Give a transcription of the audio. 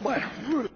Bueno.